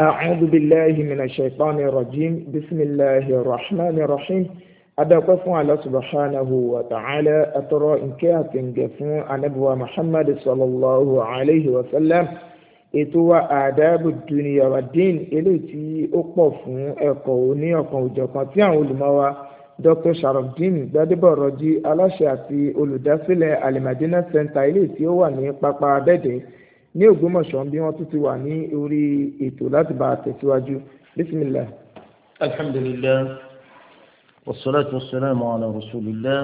أعوذ بالله من الشيطان الرجيم بسم الله الرحمن الرحيم adakọ fún Allah subhanahu wa ta'ala atọrọ nkẹ́ àtẹ̀ǹgẹ̀ fún anabiwa muhammad sallallahu alayhi wa sallam ètò wa àdáàbò duniya wa dín eléyìí tí ó pọ̀ fún ẹ̀kọ́ òní ọ̀kan òjọ̀kan tí àwọn olùmọ̀wa dr sharafdin gbadebo rọjí aláṣẹ àti olùdásílẹ̀ alimadina center eléyìí tí ó wà ní pápá abẹ́dẹ́ ní Ògbómọ̀ṣọ́ bí wọ́n tún ti wà ní orí ètò láti bá a tẹ̀síwájú bisimilah. alhamdulillah wasalaatu wasalaamu ala rasulillah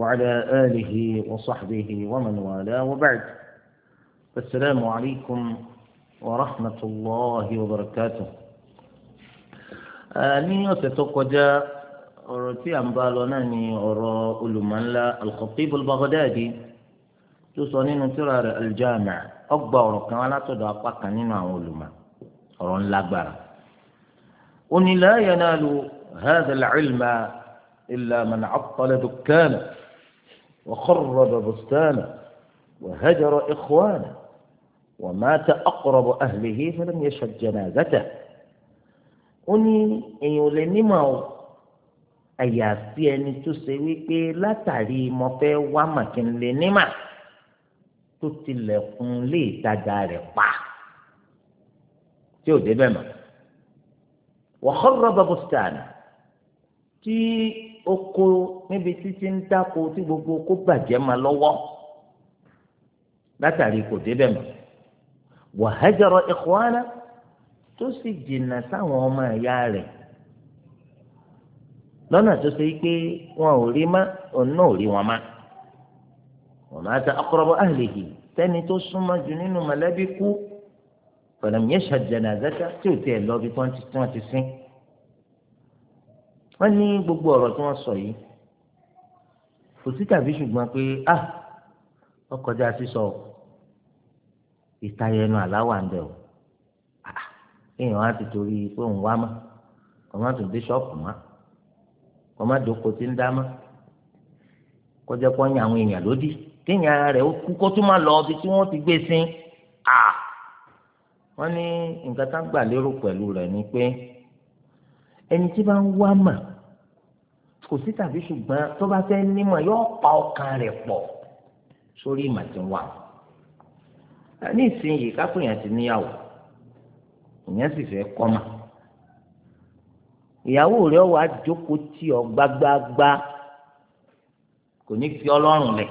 wa ala alihi wa sahbihi wa man wala wa ba'd asalaamu alaykum wa rahmatulahi wa barakatuh. ní ọ̀sẹ̀ tó kọjá ọ̀rọ̀ tí à ń bá lọ náà ni ọ̀rọ̀ olùmọ̀ńlá al-Khatib al khatib baghdadi tó sọ nínú tírà rẹ̀ al-Jami' ọgbà ọ̀rọ̀ kan alátọ̀dọ̀ apá kan nínú àwọn olùmọ̀ ọ̀rọ̀ ńlágbára. ó ní la yanalu hadha al-ilma illa man attala dukkana wa kharraba bustana wa hajara ikhwana wa mata aqrab ahlihi falam yashhad èyàn ó ní èèyàn ò lè nímọ̀ ọ́ àyàfi ẹni tó ṣe wípé látàrí mo fẹ́ wá màkínlé nímọ̀. tó tilẹ̀kùn lé ìtajà rẹ̀ pa tí ò débẹ̀ mọ́ wa kharraba bustana tí oko níbi títí ń dáko tí gbogbo oko bàjẹ́ ma lọ́wọ́ látàrí kò débẹ̀ mọ́ wa hajara tó sì jìnnà sáwọn ọmọ ẹ̀yà rẹ̀ lọ́nà tó ṣe pé wọn ò rí má òun náà ò rí wọn má wa mata aqrabu ahlihi tẹ́ni tó súnmọ́ jù nínú mọ̀lẹ́bí kú falam yashhad janazata tí ò tiẹ̀ lọ bí wọ́n ti sin. wọ́n ní gbogbo ọ̀rọ̀ tí wọ́n sọ yìí kò sí tàbí ṣùgbọ́n pé ah ọkọjá sísọ ìtayẹnu àláwà ń bẹ o ah, èèyàn á ti torí pé òun wá mọ́ ọmọ tó bíṣọ́ọ̀pù mọ́ ọmọ dòkó tí ń dá mọ́ kọjá pọ́nyà àwọn èèyàn lódì kéèyàn rẹ̀ ó kú kó tó máa lọ ibi tí wọ́n ti gbé sí à wọ́n ní nǹkan tá gbà lérò pẹ̀lú rẹ̀ ni pé ẹni tí bá ń wá mà kò sí tàbí ṣùgbọ́n tó bá fẹ́ nímọ̀ yóò pa ọkàn rẹ̀ pọ̀ sórí ìmọ̀ tí ń wà ní ìsinyìí kápò yẹn ti níyàwó ìyẹn sì fẹ́ kọ́mà ìyàwó rẹ̀ wàá jókòó tì ọ́ gbágbáágbá kò ní fi ọlọ́run lẹ̀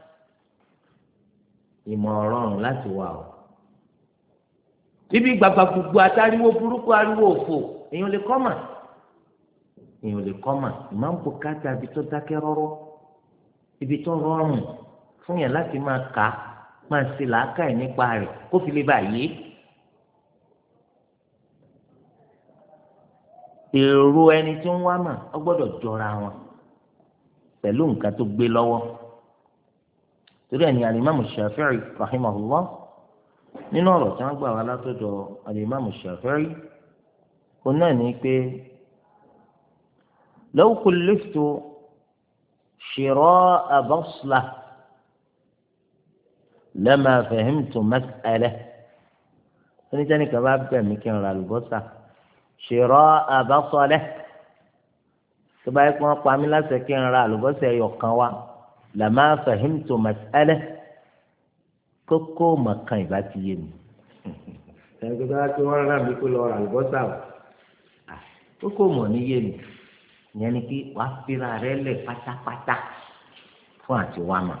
ìmọ̀ ọ̀rọ̀rùn láti wà o. ibi gbàgbà gbogbo àtàríwó burúkú ariwo òfò èèyàn lè kọ́ mà èèyàn lè kọ́ mà ìmáà ń bo káàtì àbí tó dákẹ́ rọ́rọ́ ibi tó rọrùn fún yàn láti máa kà á máa ṣe làákàyè nípa rẹ̀ kó fi lè bá yé. èrò ẹni tí ń wá mà ọ gbọ́dọ̀ jọra wọn pẹ̀lú nǹkan tó gbé lọ́wọ́ torí ẹni alimami shafi'i rahimahullah nínú ọ̀rọ̀ tí wọ́n gbà wá látọ̀dọ̀ alimami shafi'i kò náà ní pé law kulliftu shira'a baslah lama fahimtu mas'alah oníjẹ́ni kan bá bẹ̀ mí kí n ra àlùbọ́sà shira'a basalah tó bá kí wọ́n pa mí láṣẹ kí n ra àlùbọ́sà ẹ̀yọ̀ kan wá làmá fahimtu mas'ala kókó mọ̀kan ìbá ti yé mi. ẹgbẹ́ bá tí wọ́n rà mí kó lọ àlùbọ́sà o. kókó mọ̀ ní yé mi ìyẹn ni kí wàá fira rẹ lẹ̀ pátápátá fún àti wá mà.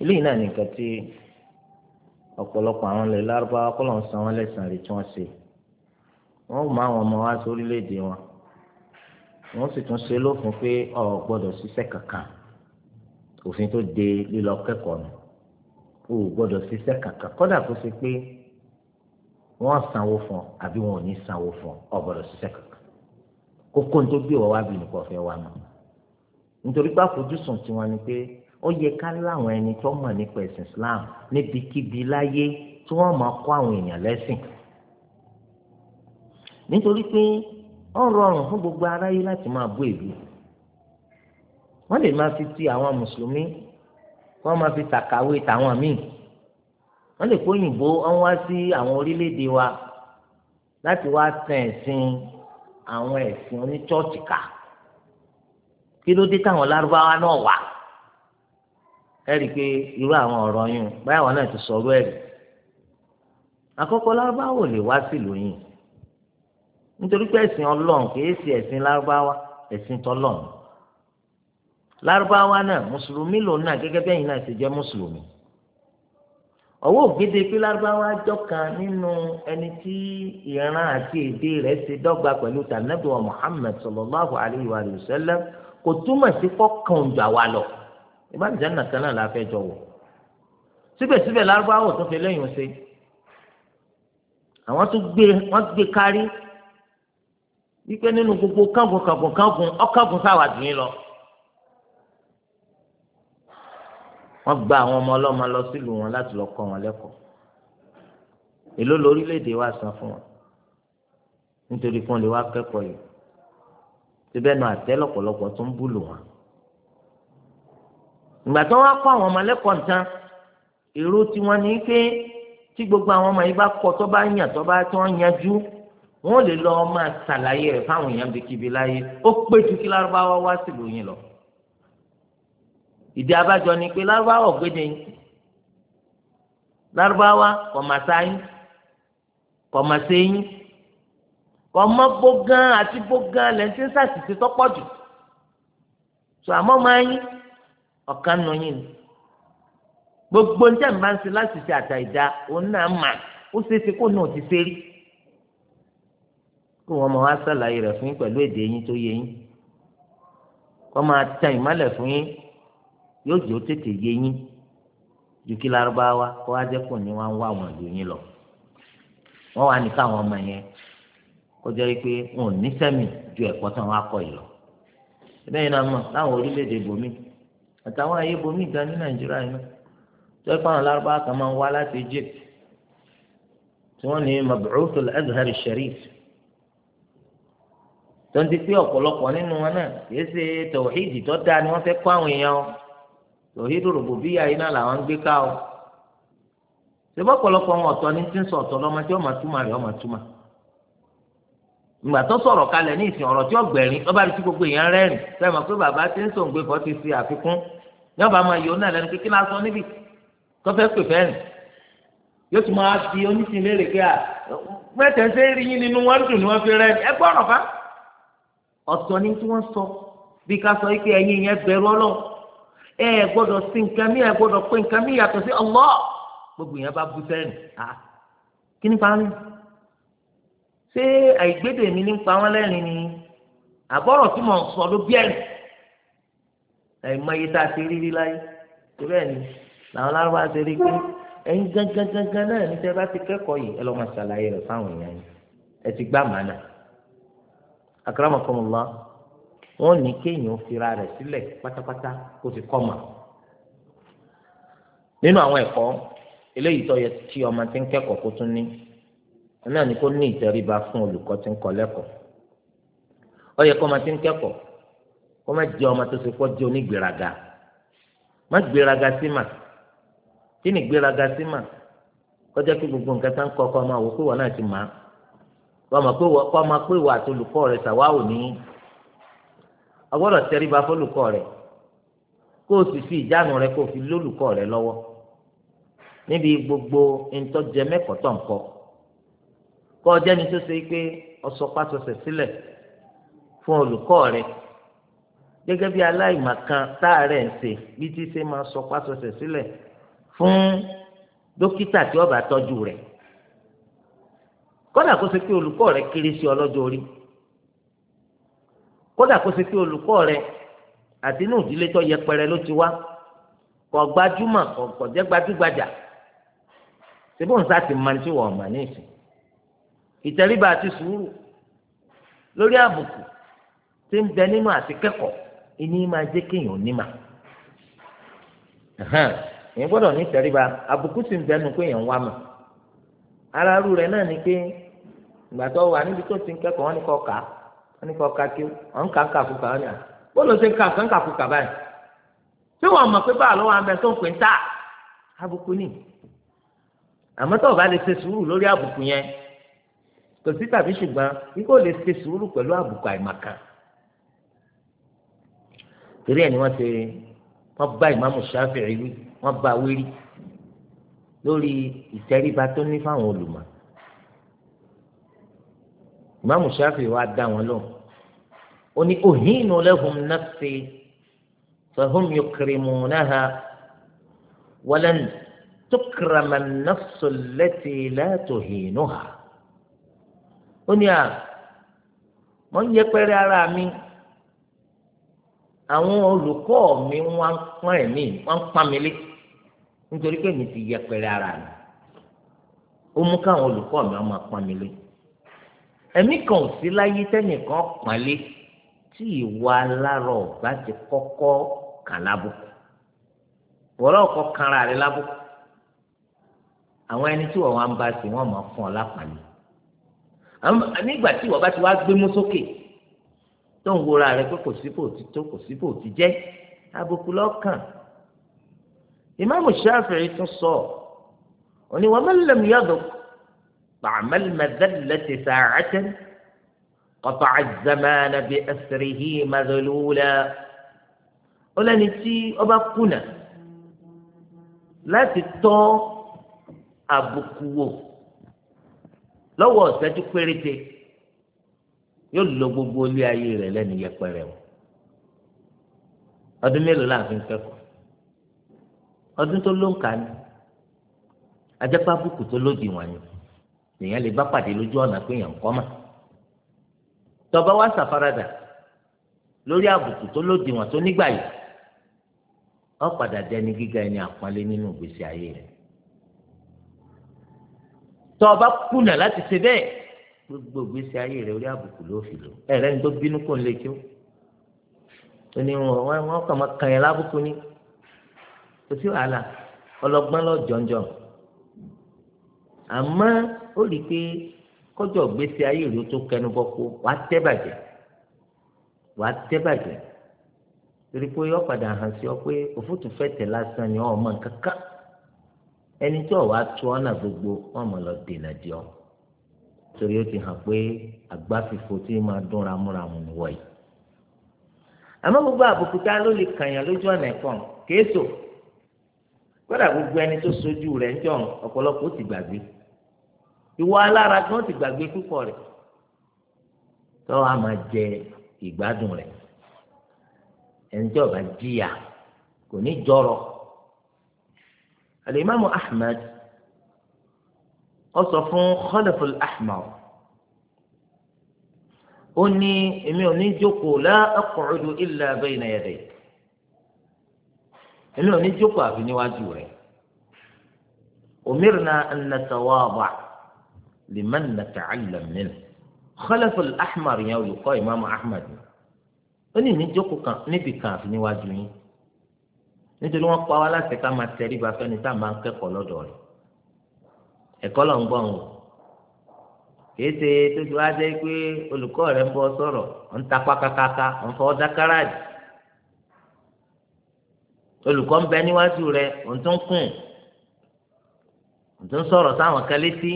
eléyìí náà nìkan tí ọ̀pọ̀lọpọ̀ àwọn ilẹ̀ lárúbáwá kọ́ lọ́n san wọ́n lẹ́sàn-án rí tí wọ́n ṣe wọ́n mú àwọn ọmọ wa sórílẹ̀-èdè wọn wọ́n sì tún ṣe lófin pé ọ̀ gbọ́dọ̀ ṣiṣẹ́ kankan òfin tó de lílọ kẹ́kọ̀ọ́ nù o ò gbọ́dọ̀ ṣiṣẹ́ kàkà kódà kó ṣe pé wọ́n sanwó fún ọ àbí wọn ò ní sanwó fún ọ ọ gbọ́dọ̀ kàkà kókó ní tó gbé wọ́n wá bí nìkan fẹ́ wá mọ́ nítorí pé àfojúsùn tiwọn ni pé ó yẹ ká láwọn ẹni tó nípa Islam níbikíbi láyé tí wọ́n máa kọ́ àwọn èèyàn nítorí gbogbo aráyé láti máa bú èbí wọ́n lè máa fi ti àwọn mùsùlùmí wọ́n máa fi tàkàwé tàwọn míì wọ́n lè kó òyìnbó wọ́n wá sí àwọn orílẹ̀-èdè wa láti wá sàn ẹ̀sìn àwọn ẹ̀sìn oníṣọ́ọ̀tì ká kí ló dé táwọn lárúbáwá náà wà ẹ rí i pé irú àwọn ọ̀rọ̀ yẹn báyà wọn náà ti sọ̀rọ̀ ẹ̀rí àkọ́kọ́ lárúbáwá ò lè wá sílùú yìí nítorí pé ẹ̀sìn ọlọ́run kì í ṣe ẹ̀sìn lárúbáwá ẹ̀sìn tọ́lọ́run lárúbáwá náà mùsùlùmí lòun náà gẹ́gẹ́ bẹ́yìn náà ṣe jẹ́ mùsùlùmí ọwọ́ ògidì pé lárúbáwá jọ̀kan nínú ẹni tí ìran àti èdè rẹ̀ ṣe dọ́gba pẹ̀lú tànàbí wa Muhammad sallallahu alayhi wa sallam kò túmọ̀ sí kọ́kàn jà wá lọ ìbánijẹ́ nàkan náà la fẹ́ jọ wọ̀ síbẹ̀síbẹ̀ lárúbáwá ò tún fi lẹ́yìn ṣe àwọn tún gbé wọ́n gbé kárí wípé nínú gbogbo kángun kángun kángun ọ̀kángun wọ́n gba àwọn ọmọ ọlọ́mọ lọ sílùú wọn láti lọ kọ́ wọn lẹ́kọ̀ọ́ èló lórílẹ̀‐èdè wa san fún wọn nítorí kí wọ́n lè wá kẹ́kọ̀ọ́ yìí síbẹ̀ náà àtẹ́ lọ́pọ̀lọpọ̀ tó ń búlù wọn. ìgbà tó wá kọ́ àwọn ọmọ lẹ́kọ̀ọ́ nǹkan èrò tiwọn ni pé tí gbogbo àwọn ọmọ yìí bá kọ́ tó bá yàn tó bá tó yanjú wọ́n lè lọ máa ṣàlàyé rẹ̀ fáwọn èèyàn bíkíbi láyé ó pé ju lárúbáwá wá sílùú yìí lọ ìdí abájọ ni pé lárúbáwá ọ̀gbẹ́dẹ yín lárúbáwá kọ̀mọ̀sá yín kọ̀mọ̀sẹ́ yín kọ̀mọ́ gbógán àti gbógán lẹ́ńtí sàṣìṣe tọ́pọ̀ jù tó àmọ́ máa yín ọ̀kan nù yín ni gbogbo ní tẹ̀m̀bá ń ṣe láti ṣe àtà ìdá òun náà mà ó ṣeé ṣe kó náà ti ṣe rí kó wọn máa wá ṣàlàyé rẹ̀ fún yín pẹ̀lú èdè yín tó yé yín kó máa tan ìmọ́lẹ̀ fún yín yóò jẹ́ ó tètè yé yín ju kí lárúbáwá kó wá jẹ́ kó ní wá ń wá àwọn ìlú yín lọ wọ́n wá ní káwọn ọmọ yẹn kó jẹ́ pé wọn ò ní sẹ́mi ju ẹ̀kọ́ tán wá kọ́ yìí lọ bẹ́ẹ̀ náà láwọn orílẹ̀-èdè bòmí àtàwọn ayé bomi gan ní nàìjíríà yìí náà tó ẹ̀kọ́ àwọn kan máa ń wá láti Egypt tí wọ́n ní azhar sharif tó ń di pé ọ̀pọ̀lọpọ̀ nínú wọn náà ṣe tó dáa ni wọ́n tòhídù rògbòbíyà yìí náà làwọn ń gbé ká o ṣèbọ́ ọ̀pọ̀lọpọ̀ wọn ọ̀tọ̀ ní tí ń sọ ọ̀tọ̀ lọ́mọ tí ọmọ túmọ̀ rẹ̀ ọmọ túmọ̀ ìgbà tó sọ̀rọ̀ kalẹ̀ ní ìsìn ọ̀rọ̀ tí ọ̀gbẹ̀rin ọba tí gbogbo èèyàn rẹ́rìn sẹ́wọ̀n pé bàbá tí ń sòǹgbé kan ti ṣe àfikún ní ọba máa yọ náà lẹ́nu pé kí ni a sọ níbi tó fẹ́ pè fẹ́rìn yóò tún máa fi oníṣìn léèrè pé à mẹ́tẹ̀ ṣe rí yín nínú wọn dùn ní wọ́n fi rẹ́rìn ẹ gbọ́rọ̀ fa ọ̀tọ̀ ni tí wọ́n sọ bí ká sọ pé ẹ̀yin yẹn bẹ̀rù ọlọ́run ẹ gbọ́dọ̀ sí nǹkan mi ẹ gbọ́dọ̀ pé nǹkan mi yàtọ̀ sí Allah gbogbo yẹn bá bu sẹ́yìn ha kí ni parí ṣé àìgbédè mi ní pa wọn lẹ́rìn ni àbọ̀rọ̀ tí mò ń sọ ló bí ẹ̀rì àìmọye tá a ṣe rí rí láyé torí ẹ̀ ni làwọn lárúbá ṣe rí pé ẹ̀yin gángan gángan náà ní tẹ́ bá ti kẹ́kọ̀ọ́ yìí ẹ lọ́ máa ṣàlàyé rẹ̀ fáwọn èèyàn yìí ẹ ti gbá màánà akramakumullah wọ́n ní kéèyàn fira rẹ̀ sílẹ̀ pátápátá kó ti kọ́ ma. nínú àwọn ẹ̀kọ́ eléyìí tó yẹ kí ọmọ tí ń kẹ́kọ̀ọ́ kó tún ní náà ni kó ní ìtẹríba fún olùkọ́ tí ń kọ́ lẹ́kọ̀ọ́ ó yẹ kó ọmọ ti ń kẹ́kọ̀ọ́ kó má jẹ́ ọmọ tó ṣe pọ́ jẹ́ onígbéraga má gbéraga sí mà kí ni gbéraga sí mà kọjá kí gbogbo nǹkan tá ń kọ́ ọkọ ọmọ àwòkúwọ̀ náà ti mà á wọ́n mọ̀ pé wọ́n àti olùkọ́ rẹ̀ ṣàwáwò nìyí agbọ́dọ̀ tẹríba fólùkọ́ rẹ̀ kó o sì fi ìjánu rẹ̀ kó o fi lólùkọ́ rẹ̀ lọ́wọ́ níbi gbogbo ntọ́jẹ mẹ́kọ̀tọ̀ nǹkan kọ́ ọjọ́ ni tó ṣe pé ọsọpasọsẹ sílẹ̀ fún olùkọ́ rẹ̀ gẹ́gẹ́ bí aláìmọ̀kan táàrẹ̀ ń ṣe bí tí ṣe máa sọpasọsẹ sílẹ̀ fún dókítà tí ó bá tọ́jú rẹ̀ kọ́dà kó ṣe pé olùkọ́ rẹ̀ kéré sí ọlọ́jọ́ orí kódà kó ṣe pé olùkọ́ rẹ àti inú ìdílé tó yẹpẹrẹ ló ti wá kò gbajúmọ̀ kò kò jẹ́ gbajúgbajà síbò ń sáà ti máa ti wọ̀ ọ̀mà ní ìsìn ìtẹríba àti sùúrù lórí àbùkù tí ń bẹ nínú àti kẹ́kọ̀ọ́ ìní máa jẹ́ kéèyàn onímà èyí gbọ́dọ̀ ní ìtẹríba àbùkù sì ń bẹ nínú kéèyàn wá mà aráàlú rẹ náà ni pé ìgbà tó wà níbi tó ti ń kẹ́kọ̀ọ́ wọn ni kò kà á wọn ní kọ kakí wọn kà ń kàkúkà wọn ni à bọ́ọ̀lù ṣe ń kà ń kàkúkà báyìí tí wọn mọ̀ pé báà lọ́wọ́ abẹ tó ń pè ń tà àbùkù ni àmọ́ tó o bá lè ṣe sùúrù lórí àbùkù yẹn kò sí tàbí ṣùgbọ́n ikú lè ṣe sùúrù pẹ̀lú àbùkù àìmọ̀kan torí ẹ̀ ni wọ́n ṣe wọ́n bá ìmáàmù Ṣáfi'í wí wọ́n bá wírí lórí ìtẹríba tó ní fáwọn olùmọ̀ ìmáàmù Ṣáfi'í wa dá wọn lóhùn ó ní òhìnnú lẹ́hùn nafsi fahum yukrimunaha walan tukrama nafsu lẹ́tì látòhìnnúha ó ní à wọ́n ń yẹpẹrẹ ara mi àwọn olùkọ́ mi wọ́n pọ́n ẹ̀mí wọ́n pọ́n mi lé nítorí pé mi ti yẹpẹrẹ ara mi ó mú káwọn olùkọ́ mi wọ́n máa pọ́n mi lé ẹ̀mí kan ò sí láyé tẹ́nìkan pọ́n lé tí ìwà alárọ̀ ọ̀gbá ti kọ́kọ́ kà lábùkù wọ́rọ́ ọkọ̀ kanra rẹ̀ lábùkù àwọn ẹni tí wọ́n wá ń bá sí wọ́n máa fún ọ lápàlẹ́ nígbà tí wọ́n bá ti wá gbé mú sókè tó ń wora rẹ pé kò síbò tí tó kò síbò tí jẹ́ àbùkù lọ́kàn ìmáàmù Ṣáfi'í tún sọ ọ ni wa man lam yadhuq ta'mal قطع الزمان بأسره مذلولا ọlọ́ni tí ọba kùnà láti tọ́ àbùkù wò lọ́wọ́ ọ̀sẹ́jú péréte yóò lo gbogbo ilé ayé rẹ̀ lẹ́nu yẹpẹrẹ o ọdún mélòó láàfin kẹ́kọ̀ọ́ ọdún tó ló ń kà ní ajẹ́pá àbùkù tó lòdì wọ̀nyí lèèyàn lè bá pàdé lójú ọ̀nà pé èèyàn ń kọ́ mà tọba wa ṣàfaradà lórí àbùkù tó lòdìwọ̀n tó nígbà yìí ó padà dẹni gíga ẹni àpọ́nlé nínú ìgbésí ayé rẹ̀ tọba kùnà láti ṣe bẹ́ẹ̀ gbogbo ìgbésí ayé rẹ̀ orí àbùkù ló fi lò ẹ̀rẹ́ ni tó bínú kò ń lè kí ó ní wọn wọn kàn máa kàn yẹn lábùkù ni kò sí wàhálà ọlọ́gbọ́n lọ jọ̀njọ̀n àmọ́ ó rí i pé. kọjọ gbèsè ayé ìlú tó kẹnu bọ wàá tẹ wàá tẹ torí pé yọ padà hàn sí ọ pé òfútù fẹ́ lásán ni ọ mọ kankan ẹni tí ọ wá tó ọ̀nà gbogbo wọn mọ̀ lọ dènà di torí ó ti hàn pé tí gbogbo àbùkù tá ló lè lójú ọ̀nà kéésò gbogbo ẹni tó sojú ó ti gbàgbé. ìwọ alára tí wọ́n ti gbàgbé púpọ̀ rẹ̀ tó a máa jẹ ìgbádùn rẹ̀ ẹnjọ́ bá jìyà kò ní jọrọ alimami ahmed ó sọ fún khalaful ahmar ó ní èmi ò ní jókòó la aq'udu illa bayna yaday èmi ò ní jókòó àfi níwájú rẹ̀ umirna an natawaba liman nata'allam minhu khalafu al-ahmar yẹn olùkọ́ ìmáàmù ahmad ó ní níjókòó kan níbi kan àfi níwájú yín nítorí wọ́n pa wá láti ká máa tẹríba fẹ́ni tá a máa ń kẹ́kọ̀ọ́ lọ́dọ̀ rẹ̀ ẹ̀kọ́ lọ ń gbọ́n o kìí ṣe tójú wá jẹ́ pé olùkọ́ rẹ̀ ń bọ́ sọ̀rọ̀ ń ta pákákáká ń fọ́ dákàràjì olùkọ́ ń bẹ níwájú rẹ̀ ń tún kùn ń tún sọ̀rọ̀ sáwọn kan létí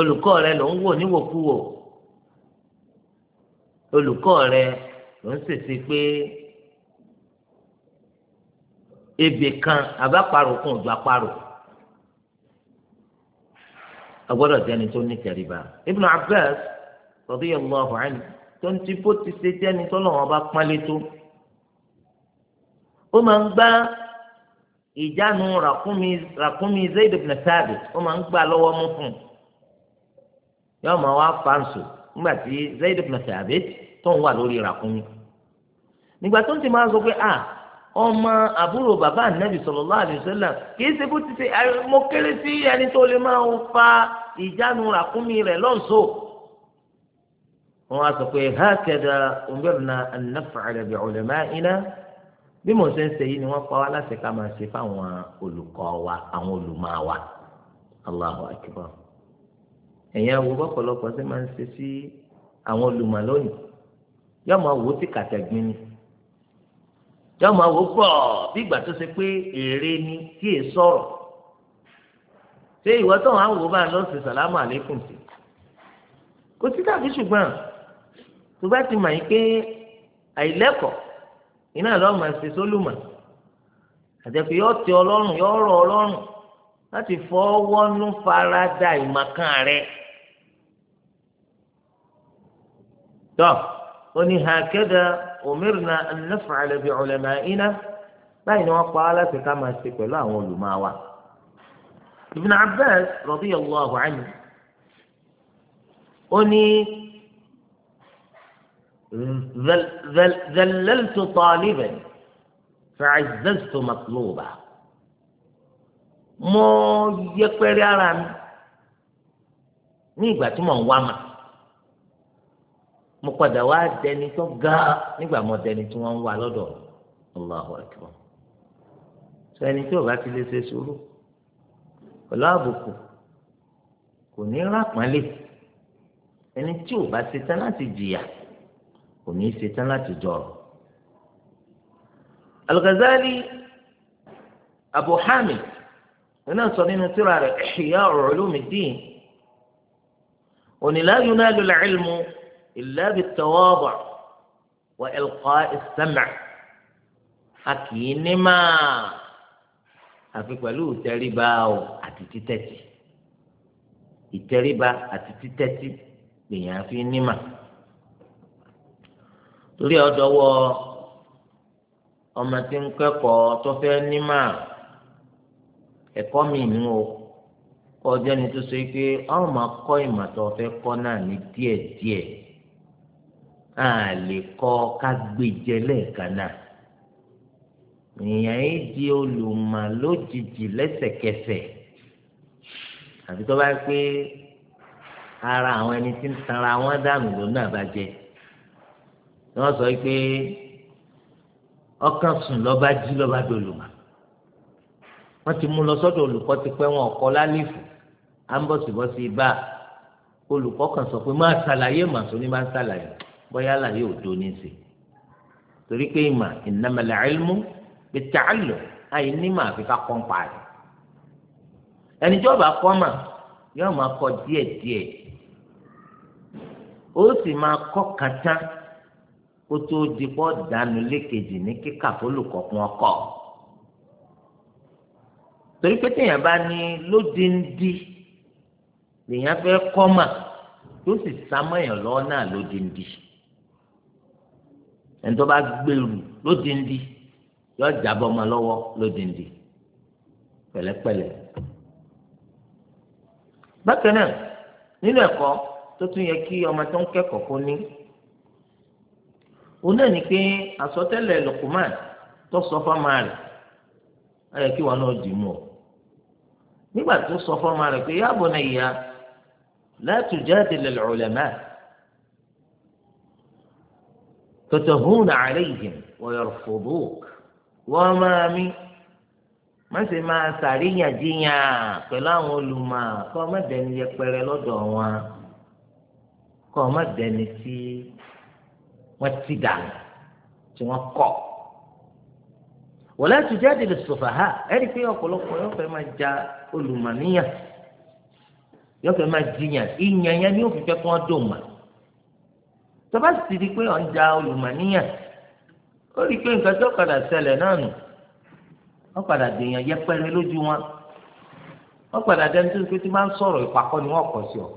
olùkọ́ rẹ ló ń wò níwòkuwò olùkọ́ rẹ ló ń sèse pé ebè kan àbáparò kún ojú àparò agbọ́dọ̀ jẹ́ni tó ní tẹríba Ibn Abbas radiyallahu anhu tó ń ti bó ti ṣe jẹ́ni tó lọ́wọ́ bá pálí tó ó máa ń gbá ìjánu ràkúnmi ràkúnmi Zayd ibn Thabit ó máa ń gbà lọ́wọ́ mú fún un yóò máa wá fáǹsù nígbà tí Zaid ibn Thabit tó ń wà lórí ràkúnmí nígbà tó ń ti máa sọ pé à ah, ọmọ àbúrò bàbá ànábì sallallahu alaihi wasallam kìí ṣe bó ti ṣe mo kéré sí ẹni tó lè máa ń fa ìjánu ràkúnmí rẹ̀ lọ́nṣọ́ wọn á sọ pé hakada umirna an naf'ala bi ulama'ina bí mo ṣe ń ṣe yìí ni wọ́n pa wá láti ká máa ṣe fáwọn olùkọ́ wa àwọn olùmọ̀ wa Allahu akbar ẹ̀yin awo bọ́pọ̀lọpọ̀ ṣe máa ń ṣe sí àwọn olùmọ̀ lónìí yóò máa wò ó ti kàtẹ́gbin ni yóò máa wò ó pọ̀ bí ìgbà tó ṣe pé èrè ni tí è sọ̀rọ̀ ṣé ìwọ tó wọn àwò bá ń lọ sí sàlámù àlékún sí kò sí tàbí ṣùgbọ́n tó bá ti mọ̀ yín pé àìlẹ́kọ̀ọ́ iná lọ́ọ́ máa ṣe sólùmọ̀ àjẹpẹ́ yóò tẹ ọlọ́run yóò rọ ọlọ́run. láti fọwọ́nú farada ìmọ̀kan rẹ̀ tọ́ ọ̀lẹ́mà iná báyìí oní hakẹ́dà ominira an naf'ala bi ina báyìí ni wọ́n pa á láti ká máa ṣe pẹ̀lú àwọn olùmọ̀ wa. Ibn Abbas radiyallahu anhu ó ní zallaltu taliban fa'azzaztu matluba. mọ yẹpẹrẹ ara mi ní ìgbà tí mò ń wá mo padà wá dẹni tó ga nígbà mo dẹni tí wọ́n ń wá lọ́dọ̀ Allahu akbar sọ ẹni tí o bá ti lè ṣe sùúrù pẹ̀lú àbùkù kò ní rápánlé ẹni tí ò bá lati láti jìyà kò ní lati láti jọrọ. al Abu Hamid náà sọ nínú tírà rẹ̀ Ihya Ulumuddin la yunalu al-ilmu illa bit-tawadu' wa ilqa'i as-sam' a kì í ní máa àfi pẹ̀lú ìtẹríba o àti títẹ́tí ìtẹríba àti títẹ́tí lèèyàn fi ní mà torí ọ̀dọ́wọ́ ọmọ tí ń kẹ́kọ̀ọ́ tó fẹ́ ní mà ẹ̀kọ́ mi nù o ọjọ́ ni tó so yìí pé ọ̀hún máa kọ́ ìmọ̀ tó o fẹ́ kọ́ náà ní díẹ̀díẹ̀ a lè kọ́ ká gbèjẹ lẹ́ẹ̀kan náà èèyàn yìí di olùmọ̀ lójijì lẹ́sẹ̀kẹsẹ̀ àfi tó bá pé ara àwọn ẹni tí ń tanra wọn dànù ló náà bá jẹ wọ́n sọ pé ọkàn sùn lọ́ba jí lọ́ba dolùmọ̀ wọ́n ti mú lọ sọ́dọ̀ olùkọ́ ti pẹ́ wọn ọ̀kọ́ lálífù à ń bọ̀sibọ́sí bá olùkọ́ kan sọ pé máa ṣàlàyé màṣọ ni máa ń ṣàlàyé bóyá àlàyé òdo ní í torí pé ìmà innamal ilmu bitta'allum àìní màá fi ká kọ́ńpa rẹ̀ ẹni tí ọba kọ́ mà yóò máa kọ́ díẹ̀díẹ̀ ó sì máa kọ́ kàtá kó tó di dànù lékejì ní kíkà fólùkọ́ kún ọkọ̀ torí pé téèyàn bá ní lódìndí lèèyàn fẹ́ kọ́ mà yóò sì sá mọ́yàn lọ́wọ́ náà lódìndí ẹni tó bá gbèrú lódìndí yóò jábọ́ ọmọ lọ́wọ́ lódìndí pẹ̀lẹ́pẹ̀lẹ́ bákan náà nínú ẹ̀kọ́ tó tún yẹ kí ọmọ tó ń kẹ́kọ̀ọ́ kó ní òun náà ni pé àsọtẹ́lẹ̀ Luqman tó sọ fáma rẹ̀ ayọ̀ kí wọn náà dì mú ọ nígbà tó sọ fọ́mọ rẹ̀ pé ya bunayya la tujadil al-ulama tatahuna alayhim wa yarfuduk wọ́n máa mi má ṣe máa ṣàríyànjiyàn pẹ̀lú àwọn olùmọ̀ kọ́ má dẹni yẹpẹrẹ lọ́dọ̀ wọn kọ́ má dẹni tí wọ́n ti dànù tí wọ́n kọ̀ wọ́n láti jáde lè sọ̀fà ha ẹ̀rí pé ọ̀pọ̀lọpọ̀ yóò fẹ́ máa ja olùmọ̀níyàn yóò fẹ́ máa jiyàn ìyàn yẹn ni yóò fi fẹ́ kó wọn dùn mà tọ́ba sì ti di pé ọ̀n ja olùmọ̀níyàn ó rí i pé nǹkan tó padà ṣẹlẹ̀ náà nù wọ́n padà dèèyàn yẹpẹrẹ lójú wọn wọ́n padà dẹni tó ti pé tí máa ń sọ̀rọ̀ ìpàkọ́ ni wọ́n kọ̀ sí ọ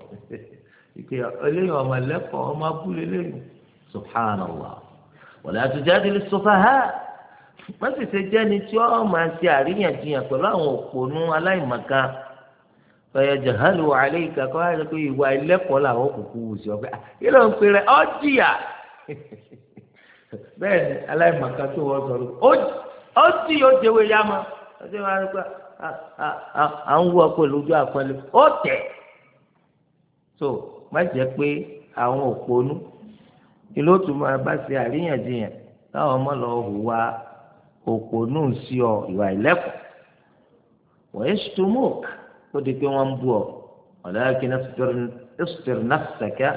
ọmọ ẹlẹ́kọ̀ọ́ ọmọ abúlé lẹ́yìn wọ́n sì ṣe tí ọ máa ṣe àríyànjiyàn pẹ̀lú àwọn òpònú aláìmọ̀ká fẹ̀yẹ̀ jahalu alẹ́ ìkàkọ́ àti pé ìwà ẹlẹ́kọ̀ọ́ làwọn kùkú wù sí ọ̀fẹ́ kí ló pè rẹ̀ ọ́ jìyà bẹ́ẹ̀ ni aláìmọ̀ká tó wọ́n sọ̀rọ̀ ó jì ó ma ó sì à ń pẹ̀lú so má jẹ́ pé àwọn òpònú ìlú ó tún máa bá ṣe àríyànjiyàn táwọn ọmọ lọ òpònú sí ọ ìwà ìlẹ́kọ̀ọ́ wọ́n yẹ stomok ó di pé wọ́n ń bú ọ ọ̀làkìnà istirnafsaka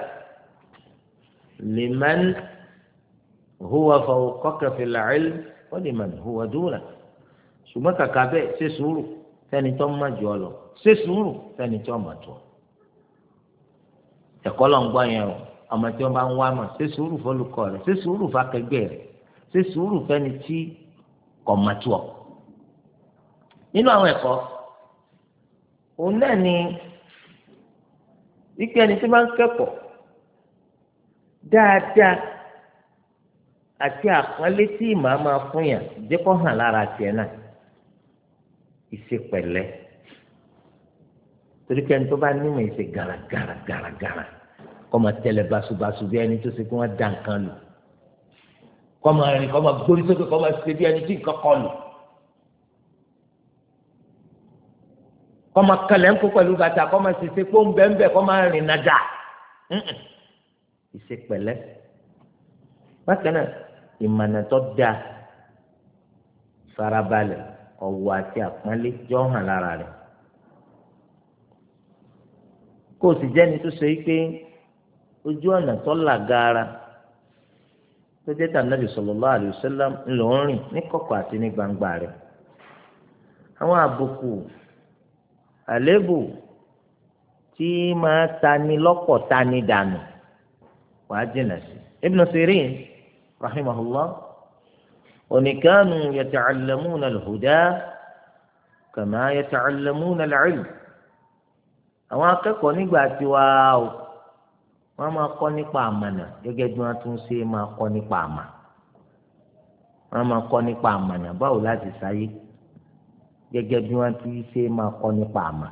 liman huwa fawqaka fil ilm wa liman huwa dunak ṣùgbọ́n kàkà bẹ́ẹ̀ ṣe sùúrù fẹ́ni tó ń má jù ọ lọ ṣe sùúrù fẹ́ni tó ń má jù ẹ̀kọ́ lọ ń gbọ́ yẹn o ọmọ tí wọ́n bá ń wá mà ṣe sùúrù fọlùkọ́ rẹ̀ ṣe sùúrù fákẹgbẹ́ rẹ̀ ṣe sùúrù fẹ́ni tí kọ̀mọ̀tìwọ̀ nínú àwọn ẹ̀kọ́ òun náà ni wípé ẹni tí máa ń kẹ́kọ̀ọ́ dáadáa àti àpọ́nlé tí màá máa fún yàn jẹ́ kó hàn lára tiẹ̀ náà ìṣepẹ̀lẹ́ torí pé ẹni tó bá nímọ̀ ìṣe gàràgàràgàràgàrà kọ́ máa tẹ́lẹ̀ báṣubàṣu bí ẹni tó ṣe kí wọ́n dá nǹkan lò kọ́ máa rìn kọ́ máa gbórí sókè kọ́ máa ṣe bí ẹni tí nǹkan kọlù kọ́ máa kalẹ̀ ńkó pẹ̀lú bàtà kọ́ máa ṣe ṣe pé ó ń bẹ́ẹ̀ bẹ́ẹ̀ kọ́ máa rìn nàjà ìṣe pẹ̀lẹ́ bákan náà ìmọ̀nàtọ́ da farabalẹ̀ ọ̀wọ̀ àti àpọ́nlé jọ hàn lára rẹ̀ kó o sì jẹ́ni tó ṣe é pé ojú ọ̀nà tó là gaara tó jẹ́ tà nàbì sallallahu alaihi wasallam ńlọ ń rìn ní kọ̀kọ̀ àti ní gbangba rẹ̀ àwọn àbùkù àléébù tí máa tani lọ́pọ̀ tani dànù wàá jìnà sí Ibn Sirin rahimahullah oníkanu yata'allamuna al-huda kama yata'allamuna àwọn akẹ́kọ̀ọ́ nígbà tí wàá òkú wọ́n máa kọ́ nípa àmànà gẹ́gẹ́ bí wọ́n tún ṣe máa kọ́ nípa àmà wọ́n máa kọ́ nípa àmànà báwo láti sáyé gẹ́gẹ́ bí wọ́n ti ṣe máa kọ́ nípa àmà.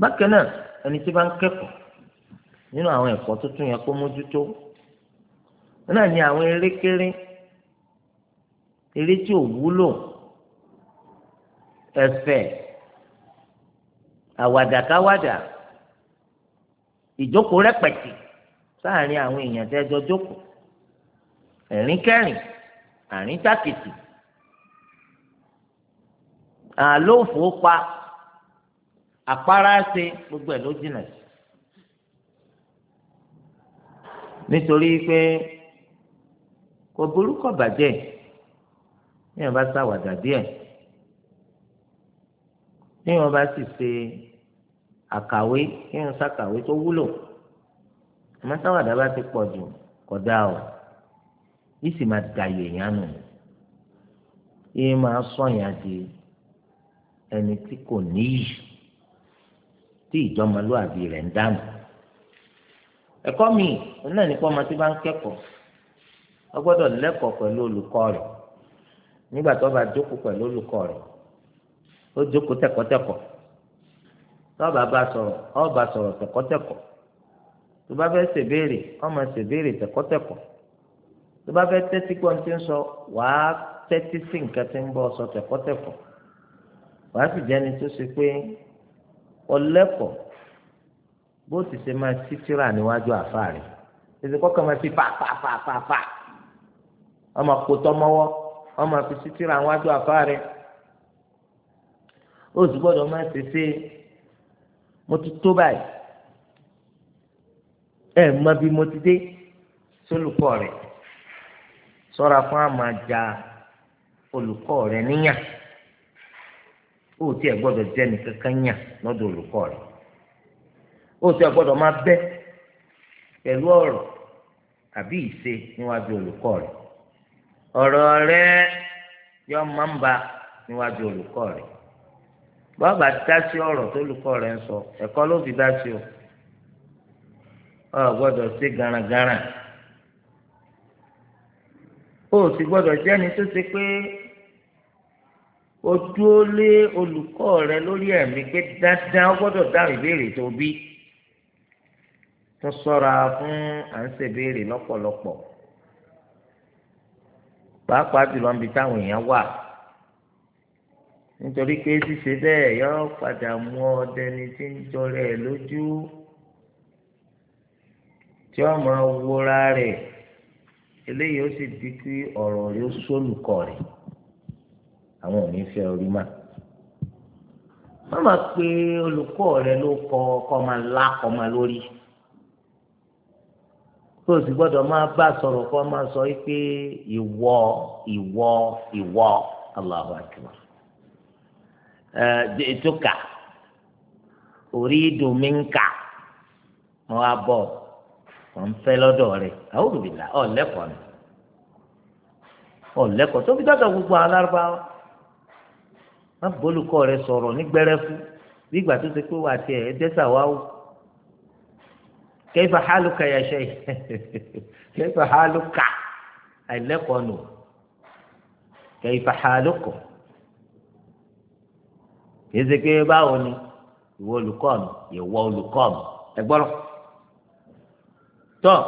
bákan náà ẹni tí bá ń kẹ́kọ̀ọ́ nínú àwọn ẹ̀kọ́ tuntun yẹn kó mójútó náà ni àwọn erékeré eré tí ò wúlò ẹ̀fẹ̀ àwàdàkáwàdà ìjókòó rẹpẹtì sáàrin àwọn èèyàn tẹjọ jókòó ẹ̀rín kẹrin àrín tákìtì àlófò pa àpárá ṣe gbogbo ẹ̀ ló jìnà sí nítorí pé kò burúkọ bàjẹ́ ní ìwọ̀n bá ṣàwàdà díẹ̀ ní ìwọ̀n bá sì ṣe àkàwé kí n ṣàkàwé tó wúlò àmọ́ sáwàdà bá ti pọ̀ jù kódà o yìí sì máa dàyò èèyàn nù yìí máa sọ̀yàn di ẹni tí kò níyì tí ìjọmọlúàbí rẹ̀ ń dànù ẹ̀kọ́ mi òun náà nípa ọmọ tí bá ń kẹ́kọ̀ọ́ ó gbọ́dọ̀ lẹ́kọ̀ọ́ pẹ̀lú olùkọ́ rẹ̀ nígbà tó bá jókòó pẹ̀lú olùkọ́ rẹ̀ ó jókòó tẹ̀kọ́tẹ̀kọ́ tọ́ba bá sọ̀rọ̀ ọba sọ̀rọ̀ tẹ̀kọ́tẹ̀kọ́ tó bá fẹ́ ṣèbéèrè ọmọ ṣèbéèrè tẹ̀kọ́tẹ̀kọ́ tó bá fẹ́ tẹ́tí gbọ́n ti ń sọ wàá tẹ́tí sí nǹkan tí ń bọ́ sọ tẹ̀kọ́tẹ̀kọ́ wàá sì jẹ́ni tó ṣe pé ọlẹ́kọ̀ọ́ bó ti ṣe máa ṣí tíra níwájú àfa rẹ̀ èsì kọ́kọ́ máa ṣí fàfàfàfà ọmọ kòtọ́ mọ́wọ́ ọmọ fi ṣí tíra níwájú àfa rẹ̀ ó sì gbọ́dọ̀ máa ṣe ṣe mo ti tó báyìí ẹ mọ bí mo ti dé sólùkọ́ rẹ̀ ṣọ́ra fún àmàjà olùkọ́ rẹ̀ níyà ó tiẹ̀ gbọ́dọ̀ jẹ́ nìkan kan yà lọ́dọ̀ olùkọ́ rẹ̀ ó tiẹ̀ gbọ́dọ̀ máa bẹ́ pẹ̀lú ọ̀rọ̀ àbí ìṣe níwájú olùkọ́ rẹ̀ ba níwájú bọ́ọ̀bà dá sí ọ̀rọ̀ tó lùkọ́ rẹ̀ ń sọ ẹ̀kọ́ ló fi dá sí o ọ gbọ́dọ̀ ṣe garagara o sì gbọ́dọ̀ jẹ́ ẹni tó ṣe pé o dúró lé olùkọ́ rẹ lórí ẹ̀mí pé dáadáa o gbọ́dọ̀ dáhùn ìbéèrè tó bí tó ṣọ́ra fún à ń ṣèbéèrè lọ́pọ̀lọpọ̀ pàápàá jùlọ níbi táwọn èèyàn wà nítorí pé ṣíṣe bẹ́ẹ̀ yọ padà mú ọ dẹni tí ń jọrẹ ẹ lójú tí ó máa wúra rẹ̀ eléyìí ó sì di kí ọ̀rọ̀ rẹ̀ ó sólùkọ́ rẹ̀ àwọn ò ní fẹ́ orí mà má má pé olùkọ́ rẹ̀ ló kọ ọkọ máa lákọ máa lórí tó o sì gbọ́dọ̀ máa bá sọ̀rọ̀ kó máa sọ pé ìwọ ìwọ ìwọ Allahu akbar. jẹtuka orídùn mi ń wá bọ ń ọlẹkọọ ni ọlẹkọọ tóbi gbogbo ní gbẹrẹfu bí ìgbà tó ti pé wà tiẹ kẹfà hálùkà yà ṣe kẹfà hálùkà àìlẹkọọ nù kẹfà kìí ṣe pé báwo ni ìwọ olùkọ́ mi ìwọ olùkọ́ mi ẹ gbọ́rọ̀ tọ́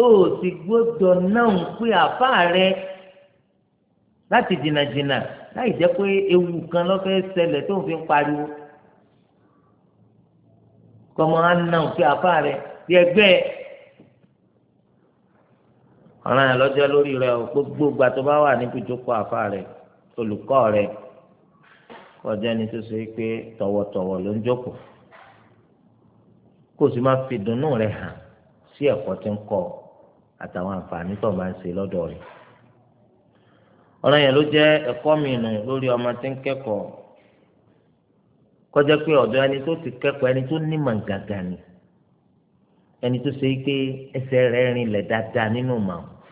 ó sì gbọ́dọ̀ náà ń pè àfa rẹ láti jìnnàjìnnà láì jẹ́ pé ewu kan lọ́fẹ́ ṣẹlẹ̀ tó ń fi ń pariwo kọ́mọ á náà ń pè àfa rẹ bí ẹgbẹ́ ọ̀ràn ẹ̀ lọ́jọ́ lórí rẹ o gbogbo ìgbà bá wà níbi ìjókòó àfa rẹ olùkọ́ rẹ ọjọ́ ẹni tó so yìí pé tọ̀wọ̀tọ̀wọ̀ ló ń jókòó kó o sì máa fi dùnnú rẹ̀ hàn sí ẹ̀kọ́ tí ń kọ́ àtàwọn àǹfààní tó máa ń ṣe lọ́dọ̀ rẹ̀ ọ̀rọ̀ yẹn ló jẹ́ ẹ̀kọ́ mi nù lórí ọmọ tí ń kẹ́kọ̀ọ́ kọjá pé ọ̀dọ̀ ẹni tó ti kẹ́kọ̀ọ́ ẹni tó nímọ̀ gàgà ni ẹni tó ṣe pé ẹsẹ̀ rẹ̀ rinlẹ̀ dáadáa nínú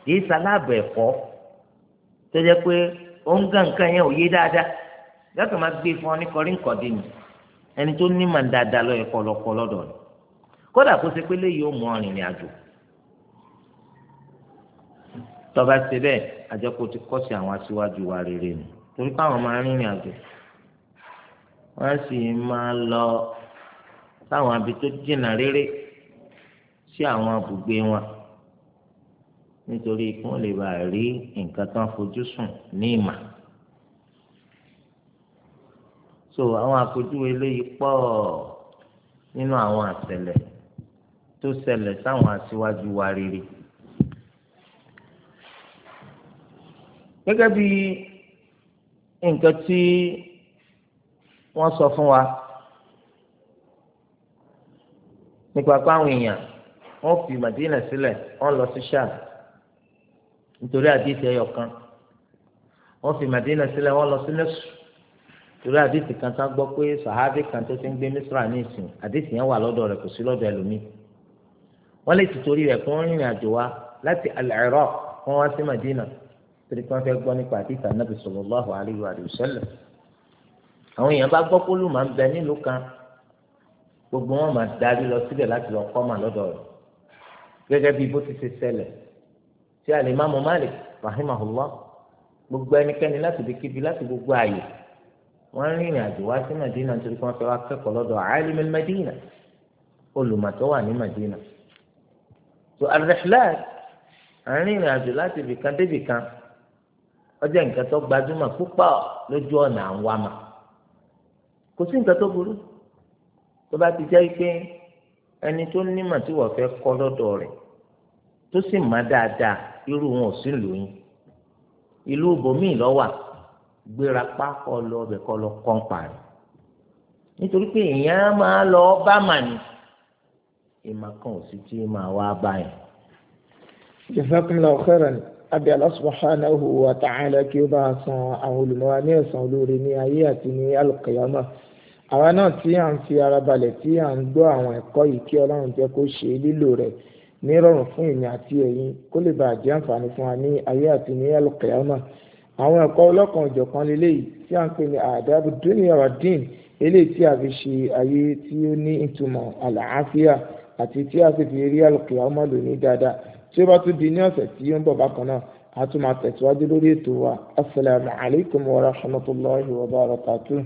yìí sálábẹ̀ ẹ̀kọ́ tó jẹ́ pé ó ń yẹn ò yé dáadáa yàtọ̀ máa gbé fún ọ ní kọrí nkọ̀dé ni ẹni tó ní màá dáadáa lọ ẹ̀kọ́ lọ́kọ́ lọ́dọ̀ ni kódà kó ṣe pé léyìí ó mú ọrìnrìn àjò tọba ṣe bẹ́ẹ̀ àjẹkù ti kọ́ sí àwọn aṣíwájú wa rere ni torí káwọn máa rìnrìn àjò wọ́n sì máa lọ sáwọn abi tó jìnnà rere sí àwọn abùgbé wọn nítorí kí wọ́n lè bàa rí nǹkan tó ń fojú sùn ní ìmọ̀ so àwọn àpèjúwe eléyìí pọ̀ nínú àwọn àṣẹlẹ̀ tó ṣẹlẹ̀ sáwọn aṣíwájú wa rere. gẹ́gẹ́ bí nǹkan tí wọ́n sọ fún wa nípa pé àwọn èèyàn wọ́n fi Madina sílẹ̀ wọ́n lọ sí Sham nítorí àdìsí ẹyọ kan wọ́n fi Madina sílẹ̀ wọ́n lọ sí nẹ́sù torí àdìsí kan tán gbọ́ pé sàhábì kan tó ti ń gbé mísírà ní ìsìn àdìsí yẹn wà lọ́dọ̀ rẹ̀ kò sí lọ́dọ̀ ẹlòmíì wọ́n lè ti torí rẹ̀ kó ń rìnrìn àjò wa láti Al-Iraq kó wá sí Madina torí kí wọ́n fẹ́ gbọ́ nípa àdìsí anábì sallallahu alaihi wa sallam àwọn èèyàn bá gbọ́ pólú máa ń bẹ nílùú kan gbogbo wọn máa darí lọ síbẹ̀ láti lọ kọ́ màá lọ́dọ̀ rẹ̀ gẹ́gẹ́ bí bó ti ṣe ṣẹlẹ̀ tí al Malik rahimahullah gbogbo ẹnikẹ́ni láti bí kíbi láti gbogbo ààyè wọ́n rìnrìn àjò wá sí Madina nítorí wọ́n fẹ́ wá kẹ́kọ̀ọ́ al-Madina olùmọ̀tọ́ wà ní Madina tó al àrìnrìn àjò láti ibìkan débìkan ọjọ́ nǹkan tó gbajúmọ̀ púpọ̀ lójú ọ̀nà àwọn àmà kò sí nǹkan tó burú tó bá ti jẹ́ pé ẹni tó nímọ̀ tí gbéra pa kọ lọ ọbẹ̀ kọ lọ kọ́ńpà rẹ̀ nítorí pé èèyàn máa lọ bá mà ní ìmọ̀ kan ò sí tí máa wá bá yẹn. jazakumullahu khairan abi Allah subhanahu wa ta'ala kí ó bá a san àwọn olùmọ̀wá ní ẹ̀san olóore ní ayé àti ní alùkìyàmọ̀ àwa náà tí à ń fi ara balẹ̀ tí à ń gbọ́ àwọn ẹ̀kọ́ yìí kí ọlọ́run jẹ́ kó ṣe lílò rẹ̀ nírọ̀rùn fún èmi àti ẹ̀yin kó lè bàa jẹ́ àǹfààní fún wa ní ayé àti ní alùkìyàmọ̀ àwọn ẹ̀kọ́ ọlọ́kan ọ̀jọ̀kan lélẹ́yìí tí a ń pè ní àdábù dúnìyà wà dín eléyìí tí a fi ṣe ayé tí ó ní ìtumọ̀ àlàáfíà àti tí a sì fi rí àlùkìyà ọmọ lò ní dáadáa tí ó bá tún di ní ọ̀sẹ̀ tí ó ń bọ̀ bákan náà a tún máa tẹ̀síwájú lórí ètò wa asalaamualeykum wa rahmatulahi wa barakatuh.